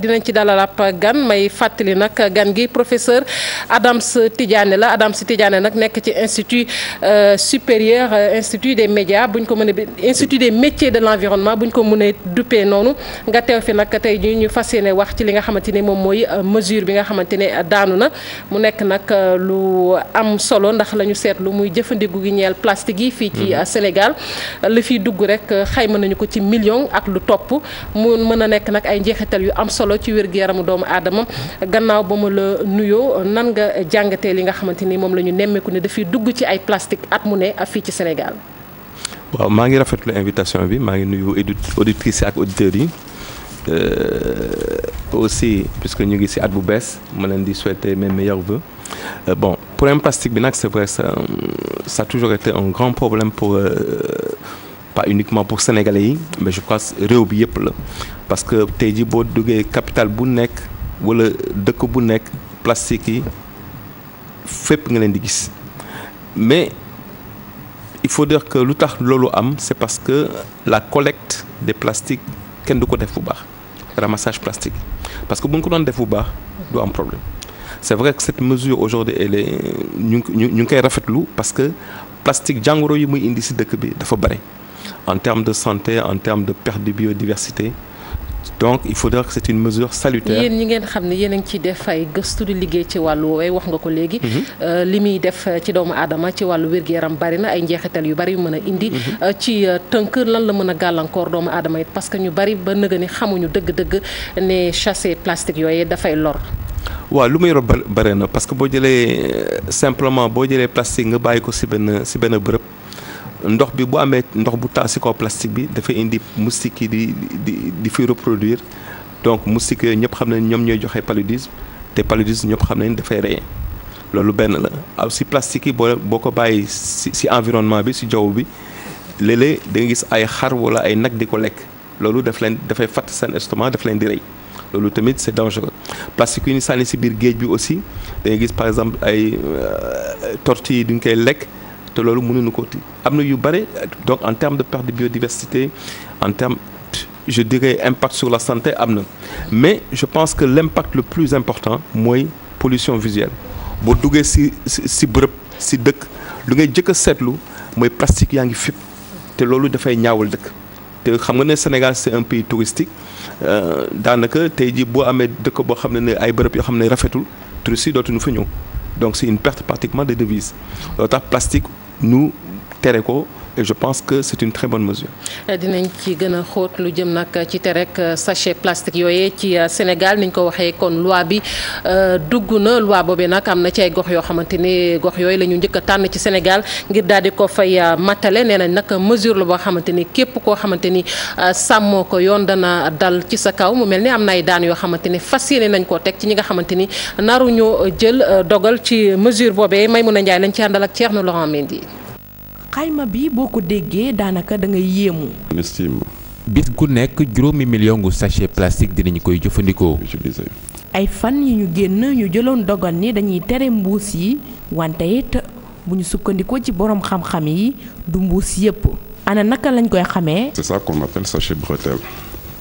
dinañ ci dalal ab gan may fàttali nag gan gi professeur Adams Tidjane la Adams Tidjane nag nekk ci institut euh, supérieur euh, institut des médias buñ ko mënee institut des métiers de l'environnement buñ ko mënee duppee noonu nga teew fi nag tey jii ñu fas yéene wax ci li nga xamante ne moom mooy euh, mesure bi nga xamante ne daanu na mu nekk nag lu am solo ndax lañu ñu seetlu muy jëfandiku gi ñeel plastique yi fii ci mm-hmm. Sénégal li fiy dugg rek xayma nañu ko ci million ak lu topp mën a nekk nag ay njeexital yu am solo ci wér-gu-yaramu doomu aadama gannaaw ba ma la nuyoo nan nga jàngatee li nga xamante ni moom la ñu nemmeeku ne dafay dugg ci ay plastique at mu ne fii ci Sénégal. waaw maa ngi rafetlu invitation bi maa ngi nuyu auditrices ak auditeurs yi euh, aussi puisque ñu ngi si at bu bees ma leen di souhaiter mes meilleurs vœux euh, bon problème plastique bi nag c'est vrai ça ça a toujours été un grand problème pour. Euh, pas uniquement pour sénégalais yi mais je pense réew bi yëpp la parce que tey ji boo duggee capital bu nekk wala dëkk bu nekk plastique yi fépp nga leen di gis mais il faut dire que lu tax loolu am c'est parce que la collecte des plastiques kenn du ko def bu baax ramassage plastique parce que bu ñu ko doon def bu baax du am problème c'est vrai que cette mesure aujourd'hui elle est ñu ngi ñu ngi koy rafetlu parce que plastique jàngoro yi muy indi si dëkk bi dafa bari en terme de santé en termes de perte de biodiversité donc il faudra que c'est une mesure salutaire. yéen ñi ngeen xam ne yéen a ciy def ay gëstu di liggéey ci wàllu woowee wax nga ko léegi. Mm-hmm. Euh, li muy def euh, ci doomu aadama ci wàllu wér-gu-yaram bari na ay njeexital yu bari yu mën a indi. Mm-hmm. Euh, ci tënk lan la mën a gàllankoor doomu aadama yi parce que ñu bari ba nëgë ni xamuñu dëgg-dëgg ne chasser plastique yooyu dafay lor. waa lu muy rob bare na parce que boo jëlee simplement boo jëlee plastique nga bàyyi ko si benn si benn bërëb. ndox bi bu amee ndox bu taa si kaw plastique bi dafay indi moustique yi di di di fi reproduire donc moustique yooyu ñëpp xam nañ ñoom ñooy joxe paludisme te paludisme ñëpp xam nañ dafay rey loolu benn la aw si plastique yi boo boo ko bàyyi si si environnement bi si jaww bi léeg-léeg da gis ay xar wala ay nag di ko lekk loolu daf leen dafay fatt seen estomac daf leen di rey loolu tamit c'est dangereux plastique yu ñu sànni si biir géej bi aussi da gis par exemple ay euh, tortue yi duñ koy lekk. te loolu mënuñu ko am na yu bare donc en terme de perte de biodiversité en termes je dirais impact sur la santé am na mais je pense que l'impact le plus important mooy pollution visuelle boo duggee si si bërëb si dëkk lu ngay jëkk a seetlu mooy plastique yaa ngi fépp te loolu dafay ñaawal dëkk te xam nga ne Sénégal c'est un pays touristique euh, daanaka tey jii boo amee dëkk boo xam ne ne ay bërëb yoo xam ne rafetul touristes yi dootuñu fa ñëw donc c'est une perte pratiquement de devises loolu tax plastique nu tere ko et je pense que c'est une très bonne mesure. Euh, dinañ ci gën a xóot lu jëm nag ci te rek euh, sachet plastique yooyu ci euh, Sénégal niñ ko waxee kon loi bi dugg na loi boobee nag am na ci gox yoo xamante ni gox yooyu la ñu njëkk a tànn ci Sénégal ngir daal di ko fay mattale nee nañ nag mesure la boo xamante ni képp koo xamante ni sàmmoo ko yoon dana dal ci sa kaw mu mel ni am nay ay daan yoo xamante ni fas yéene nañ ko teg ci ñi nga xamante ni naruñu jël dogal ci mesure boobee Maimouna Ndiaye lañ ci àndal ak Thierno Laurent Mendy xayma bi boo ko déggee daanaka da ngay yéemu. bis gu nekk juróomi million gu sachet plastique dinañu koy jëfandikoo. ay fan yi ñu génn ñu jëloon dogal ni dañuy tere mbuus yi wante it bu ñu sukkandikoo ci borom xam-xam yi du mbuus yépp ana naka lañ koy xamee. c'est ça qu'on appelle sachet bretelle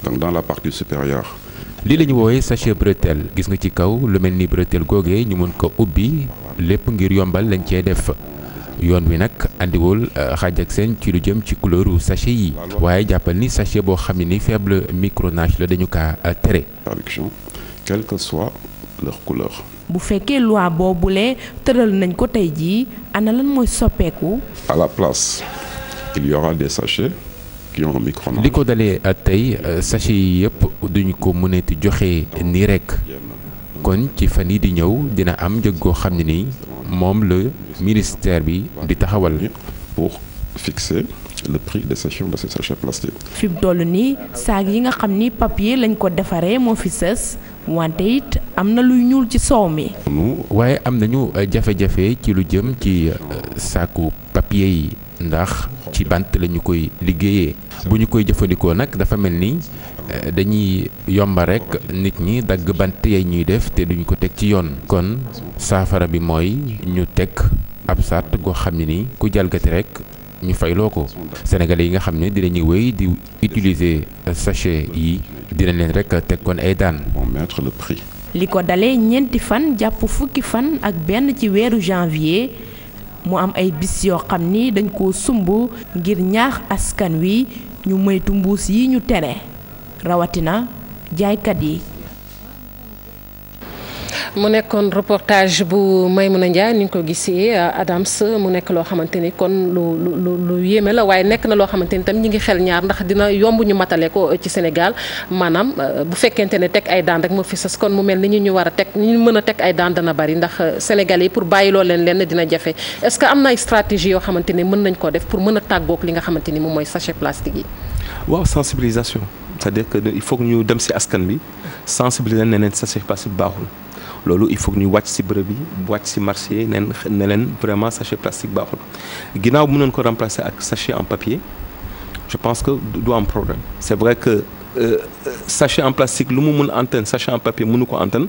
donc dans la partie supérieure. lii la ñu woowee sachet bretelle gis nga ci kaw lu mel ni bretelle googee ñu mën ko ubbi lépp ngir yombal lañ cee def. yoon wi nag andiwul xaaj ak seen ci lu jëm ci couleur sachet yi waaye jàppal ni sachet boo xam ne ni faible micronage la dañu kaa euh, tere. Conviction, quelle que bu fekkee loi boobule tëral nañ ko tey jii ana lan mooy soppeeku. à la place li ko dalee euh, tey euh, sachet yi yëpp duñu ko mënati joxe nii rekk kon ci fan yi di ñëw dina am njëg goo xam ne nii moom le ministère bi di taxawal. pour fixer le prix toll nii saag yi nga xam ni papier lañ ko defaree moo fi sees wante it am na luy ñuul ci soow mi. waaye am nañu euh, jafe-jafe ci lu jëm ci euh, saaku papiye yi ndax ci bant lañu koy liggéeyee bu ñu koy jëfandikoo nag dafa mel ni. dañuy yomba rekk nit ñi dagg bant yey ñuy def te duñu ko teg ci yoon kon saafara bi mooy ñu teg ab sart goo xam ne ni ku jalgati rekk ñu fayloo ko sénégalais yi nga xam ne dinañuy wéy di utilise sachet yi dina leen rekk teg kon ay daan li ko dalee ñeenti fan jàpp fukki fan ak benn ci weeru janvier mu am ay bis yoo xam ni dañ koo sumb ngir ñaax askan wi ñu moytu mbuus yi ñu tere rawatina jaaykat yi. mu nekkoon reportage bu mun a Ndiaye ni ñu ko gisee Adams mu nekk loo xamante ni kon lu lu lu yéeme la waaye nekk na loo xamante ni tam ñi ngi xel ñaar ndax dina yomb ñu matale ko ci Sénégal maanaam euh, bu fekkente ne teg ay daan rek moo fi sas kon mu mel ni ñu ñu war a teg ñu mën a teg ay daan dana bari ndax euh, Sénégal yi pour bàyyiloo leen lenn dina jafe est-ce que am na ay stratégie yoo xamante ne mën nañ ko def pour mën a tàggoog li nga xamante ni moom mooy sachet yi. waaw sensibilisation. c'est-à-dire que il faut que ñu dem si askan bi sensibiliser ne leen sa plastique baaxul loolu il faut que ñu wàcc si bërëb bi wàcc si marché yi neen ne leen vraiment sachet plastique baaxul ginnaaw mën nañ ko remplacer ak sachet en papier je pense que doo am problème c'est vrai que euh, euh, sachet en plastique lu mu mun antenne sachet en papier mënu ko antenne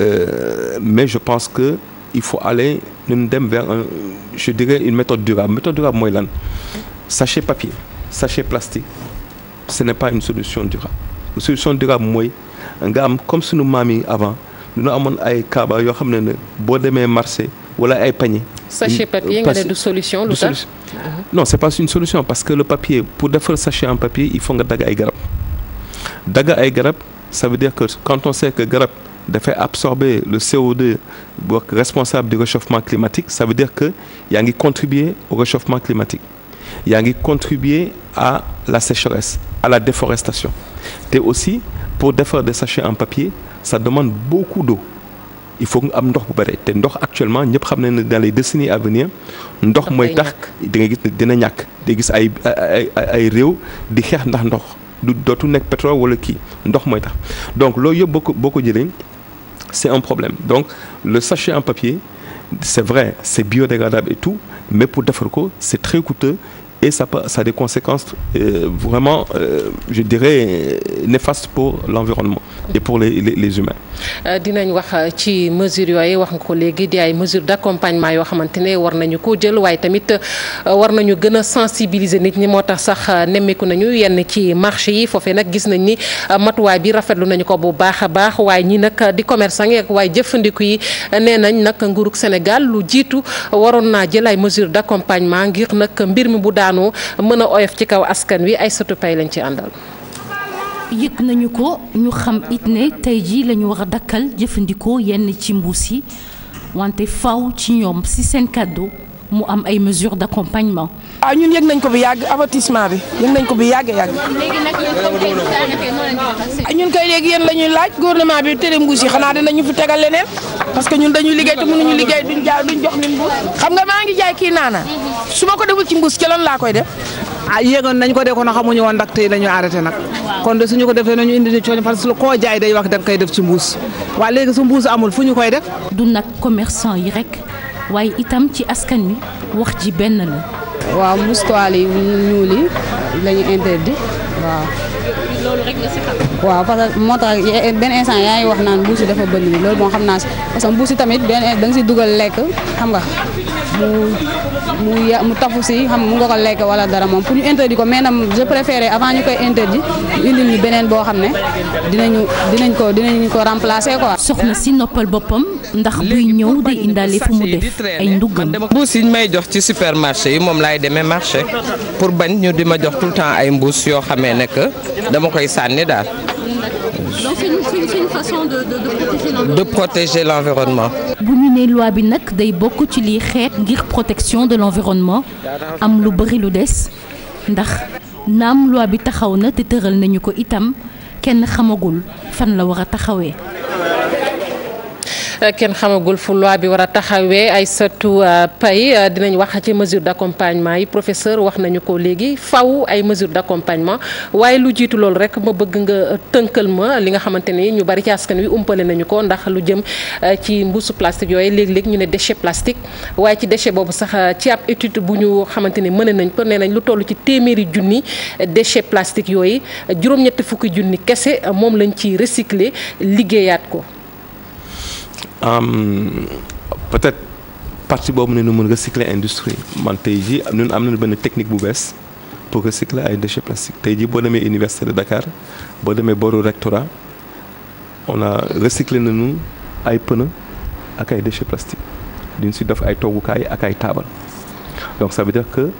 euh, mais je pense que il faut aller ñun dem vers un je dirais une méthode durable méthode durable mooy lan sachet papier sachet plastique ce n'est pas une solution durable une solution durable mooy nga am comme suñu maam yi avant dañoo amoon ay kaaba yoo xam ne ne boo demee marché wala ay panier. sachet papier nga ne du solution lu tax non c'est pas une solution parce que le papier pour defar sachet en papier il faut nga dagg ay garab dagg ay garab ça veut dire que quand on sait que garab dafay absorber le CO2 bokk responsable du réchauffement climatique ça veut dire que yaa ngi contribuer au réchauffement climatique. yaa ngi contribuer à la sécheresse à la déforestation te aussi pour défaire de sachets en papier sa demande beaucoup d'eau il faut nga am ndox bu bare te ndox actuellement ñëpp xam nañ ne dans les décennies à venir ndox mooy tax di nga gis dina ñàkk di gis ay ay réew di xeex ndax ndox du dootu nekk pétrole wala kii ndox mooy tax donc loolu yëpp boo boo ko jëlee c'est un problème donc le sachet en papier c'est vrai c'est biodégradable et tout mais pour defar ko c'est très coûteux et ça, ça a des conséquences euh, vraiment, euh, je dirais, néfastes pour l'environnement et pour les, humains. Euh, dinañ wax euh, ci mesure yooyu wax nga ko léegi di ay mesures d'accompagnement yoo xamante ne war nañu ko jël waaye tamit war nañu gën a sensibiliser nit ñi moo tax sax nemmeeku nañu yenn ci marché yi foofee nag gis nañ ni matuwaay bi rafetlu nañu ko bu baax a baax waaye ñi nag di commerçant yeeg waaye jëfandiku yi nee nañ nag nguurug Sénégal lu jiitu waroon naa jël ay mesures d'accompagnement ngir nag mbir mi bu daal daanu mën a oyof ci kaw askan wi ay sotu pay lañ ci àndal. yëg nañu ko ñu xam it ne tey jii la wax war a dakkal jëfandikoo yenn ci mbuus yi wante faw ci ñoom si seen kàddu. mu am ay mesures d'accompagnement. ah ñun yëg nañ ko bu yàgg avertissement bi yëg nañ ko bu yàgg yàgg. léegi nag ah, ñun koy léegi yéen la ñuy laaj gouvernement bi tëddee mbuus yi xanaa dinañu fi tegal leneen parce que ñun dañuy liggéey te mënuñu liggéey duñ jaay duñ jox leen mbuus. maa ngi jaay kii naana su ma ko deful ci mbuus ci lan laa koy def. ah yéegoon nañ ko de kon xamuñu woon ndax tey dañu arrêté nag kon de suñu ko defee nañu indi ni coono parce koo jaay day wax dañ koy def ci mbuus waa léegi su mbuus amul fu ñu koy def. du nag commerçant yi rek waaye itam ci askan wi wax ji benn la. waaw mustuwaal yi ñuul lañu interdit waaw. waaw parce que moo tax benn instant yaa ngi wax naan mbuus yi dafa bëri loolu moom xam naa si parce que mbuus yi tamit benn dugal lekk xam nga mu mu mu tafu si xam mu nga ko lekk wala dara moom pour ñu interdit ko mais nag je préférais avant ñu koy interdit ñu beneen boo xam ne dinañu dinañ ko dinañ ko remplacer quoi. soxna si noppal boppam ndax buy ñëw day indaale fu mu def ay nduggam. mbuus yi ñu may jox ci supermarché yi moom laay demee marché pour bañ ñu di ma jox tout temps ay mbuus yoo xamee nekk dama koy sànni daal. de de de protéger l'environnement. de protéger l'environnement. bu ñu nee loi bi nag day bokk ci liy xeet ngir protection de l'environnement am lu bari lu des ndax naam loi bi taxaw na te tëral nañu ko itam kenn xamagul fan la war a taxawee. Euh, kenn xamagul fu loi bi war a taxawee ay satu euh, pay euh, dinañ wax ci mesure d'accompagnement yi professeur wax nañu ko léegi faw ay mesure d'accompagnement waaye lu jiitu loolu rek ma bëgg nga tënkal ma li nga xamante ni ñu bari ci askan wi umpale nañu ko ndax lu jëm ci mbuusu plastique yooyu léegi léeg ñu ne déchet plastique waaye ci déchet boobu sax ci ab étude bu ñu xamante ni mën nañ ko nee nañ lu toll ci téeméeri junni déchet plastique yooyu juróom-ñetti fukki junni kese moom lañ ci recycler liggéeyaat ko peut-être partie boobu ne nu mën recycler industrie man tey jii ñun am nañu benn technique bu bees pour recycler ay déchets plastiques tey jii boo demee université de Dakar boo demee boru rectorat on a na nu ay pneus ak ay déchets plastiques duñ si def ay toogukaay ak ay taabal donc ça veut dire que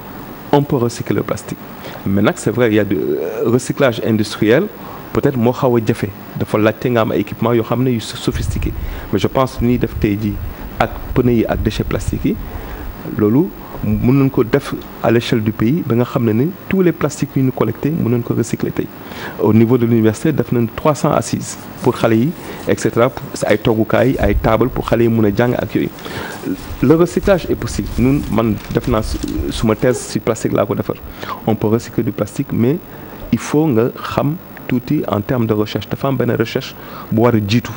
on peut recycler plastique mais nag c'est vrai il y a du euh, recyclage industriel peut-être moo xaw a jafe dafa laajte nga am ay équipement yoo xam ne yu sophistiqué mais je pense ni def tey jii ak pneu yi ak déchets plastiques yi loolu mun nañ ko def à l'échelle du pays ba nga xam ne ni tous les plastiques yu nu collecté mun nañ ko recycler au niveau de l'université def nañ 300 assises pour xale yi et cetera ay toogukaay ay table pour xale yi mun a jàng ak yooyu le recyclage est possible ñun man def naa suma thèse si plastique laa ko defar on mais il faut nga xam tuuti en termes de recherche dafa am benn recherche bu war a jiitu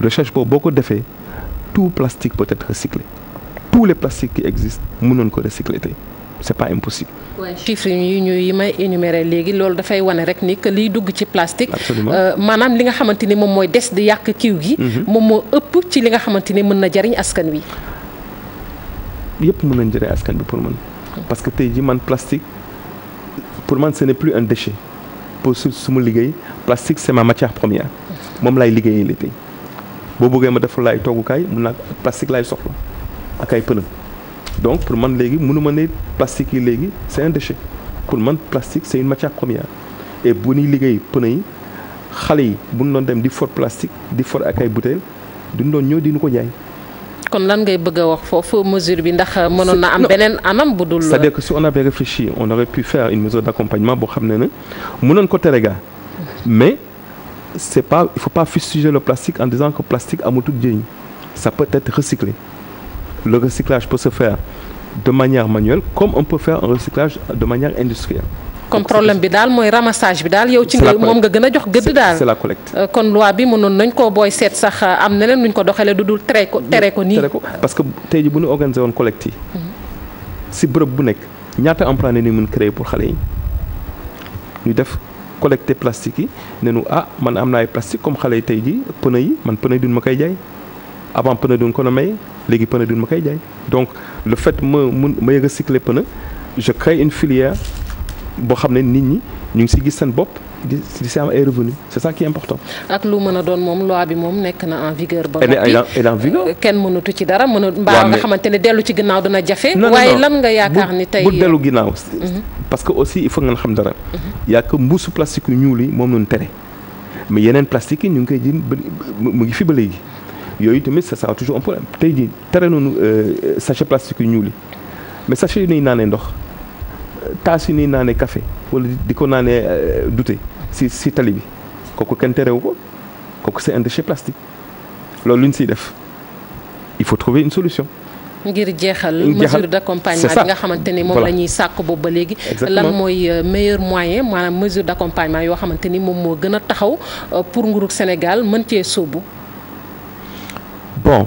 recherche boobu boo ko defee tout plastique peut être recyclé tous les plastiques qui existent mënoon ko recycler tey c'est pas impossible. waaye chiffres yi ñu yi may énuméré léegi loolu dafay wane rek ni que liy dugg ci plastique. Euh, maanaam li nga xamante ni moom mooy des di yàq kiw gi. Mhm. moom moo ëpp ci li nga xamante ni mën na jariñ askan wi. yëpp mën nañ jëriñ askan bi pour man. Mm. parce que tey ji man plastique pour man se n'est plus un déchet. pour su suma liggéey plastique c'est ma matière première moom laay liggéeyee lépp boo bëggee ma defal laay toggukaay mun naa plastique lay soxla ak ay pneu donc pour man léegi mënu ma ne plastique yi léegi c'est un déchet pour man plastique c'est une matière première et bu ñuy liggéey pneu yi xale yi bu ñu dem di foot plastique di for ak ay bouteilles duñ doon ñëw di ko jaay. kon lan ngay bëgg a wax foofu mesure bi ndax euh, mënoon na am beneen anam bu dul. c'est-à-dire euh, que si on avait réfléchi on aurait pu faire une mesure d'accompagnement boo xam ne ne mënoon ko ga mais c'est pas il faut pas fustiger le plastique en disant que plastique amatul njëriñ ça peut être recyclé le recyclage peut se faire de manière manuelle comme on peut faire un recyclage de manière industrielle. kon problème bi daal mooy ramassage bi daal yow ci nga moom nga gën a jox gëdd daal c'est la collecte euh, kon loi bi mënoon nañ ko booy seet sax euh, am neneen nuñ ko doxalee du dul tere ko tere ko nii parce que tey ji bu ñu organisé woon collecte yi mhm. si bërëb bu nekk ñaata emploi ne ñu mën créer pour xale yi ñu def collecté plastique yi ne nu ah man am na ay plastique comme xale yi tey ji pneu yi man pneu duñ ma koy jaay avant pneu duñ ko na may ma koy jaay donc le fait ma mun ma yëg a cycler boo xam ne nit ñi ñu ngi si gis seen bopp di si am ay revenu c'est ça qui important. ak lu mën a doon moom loi bi moom nekk na en vigueur. ba noppi en vigueur. Euh, kenn mënatu ci dara mën a. mbaa nga xamante ne dellu ci ginnaaw dina jafe. waaye lan nga yaakaar ni tey bu dellu ginnaaw. Mhm. parce que aussi il faut nga xam dara. Mhm. y a que mbuusu plastique yu ñuul yi moom noonu tere mais yeneen plastique yi ñu ngi koy jënd mu ngi fi ba léegi yooyu tamit ça sera toujours un problème tey jii tere noonu euh, sachet plastique yu ñuul yi mais sachet yi ñuy naanee ndox. taasini naanee café wala di ko naanee euh, dute si si tali bi kooku kenn terewu ko kooku c'est un déchet plastique loolu lu ñu siy def il faut trouver une solution. ngir jeexal mesure d'accompagnement bi nga xamante ni moom la ñuy sàkk boobu ba léegi. lan mooy euh, meilleur moyen maanaam mesure d'accompagnement yoo xamante ni moom moo gën a taxaw euh, pour nguurug Sénégal mën cee soobu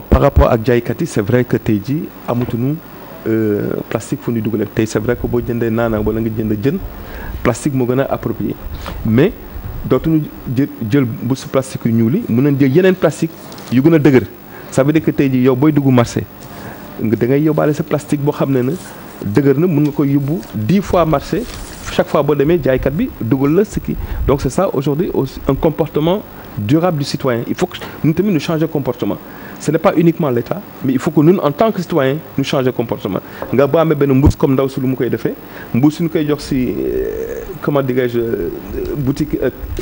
par rapport ak jaaykat c'est vrai que tey amatuñu. Euh, plastique fu ñu dugalee tey c'est vrai que boo jëndee naanaa wala nga jënd jën plastique moo gën a approprié mais dootuñu jë jël mbuus plastique yu ñuul yi mën nañ jël yeneen plastique yu gën a dëgër sa veut que tey jii yow booy dugg marché da ngay yóbbaale sa plastique boo xam ne na dëgër na mun nga koy yóbbu dix fois marché chaque fois boo demee jaaykat bi dugal la ce qui donc c'est ça aujourd'hui un comportement durable du citoyen il faut que ñun tamit ñu ce n'est pas uniquement l'État mais il faut que ñun en tant que citoyen ñu changer comportement nga boo amee benn mbuus comme ndaw si lu mu koy defee mbuus suñu koy jox si euh, comment dirais-je euh, boutique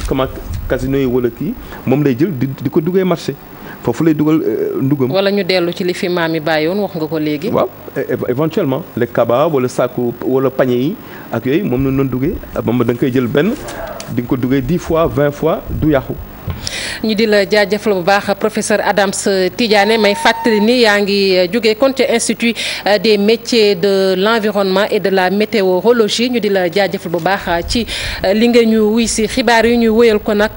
comment casino yi wala kii moom lay jël di di ko duggee marché foofu lay dugal euh, ndugam. wala ñu dellu ci li fi maam yi bàyyi wax nga ko léegi. waaw éventuellement les kaba wala saaku wala pañe yi ak yooyu moom la ñu duggee moom da nga koy jël benn di nga ko duggee dix fois vingt fois du yàqu. ñu di la jaajëfal bu baax professeur Adams Tidjane may fàttali ni yaa ngi euh, jógee kon ca institut euh, des métiers de l' et de la météorologie ñu di la jaajëfal bu baax euh, ci li nga ñu wuy si xibaar yi ñuy woyal ko nag.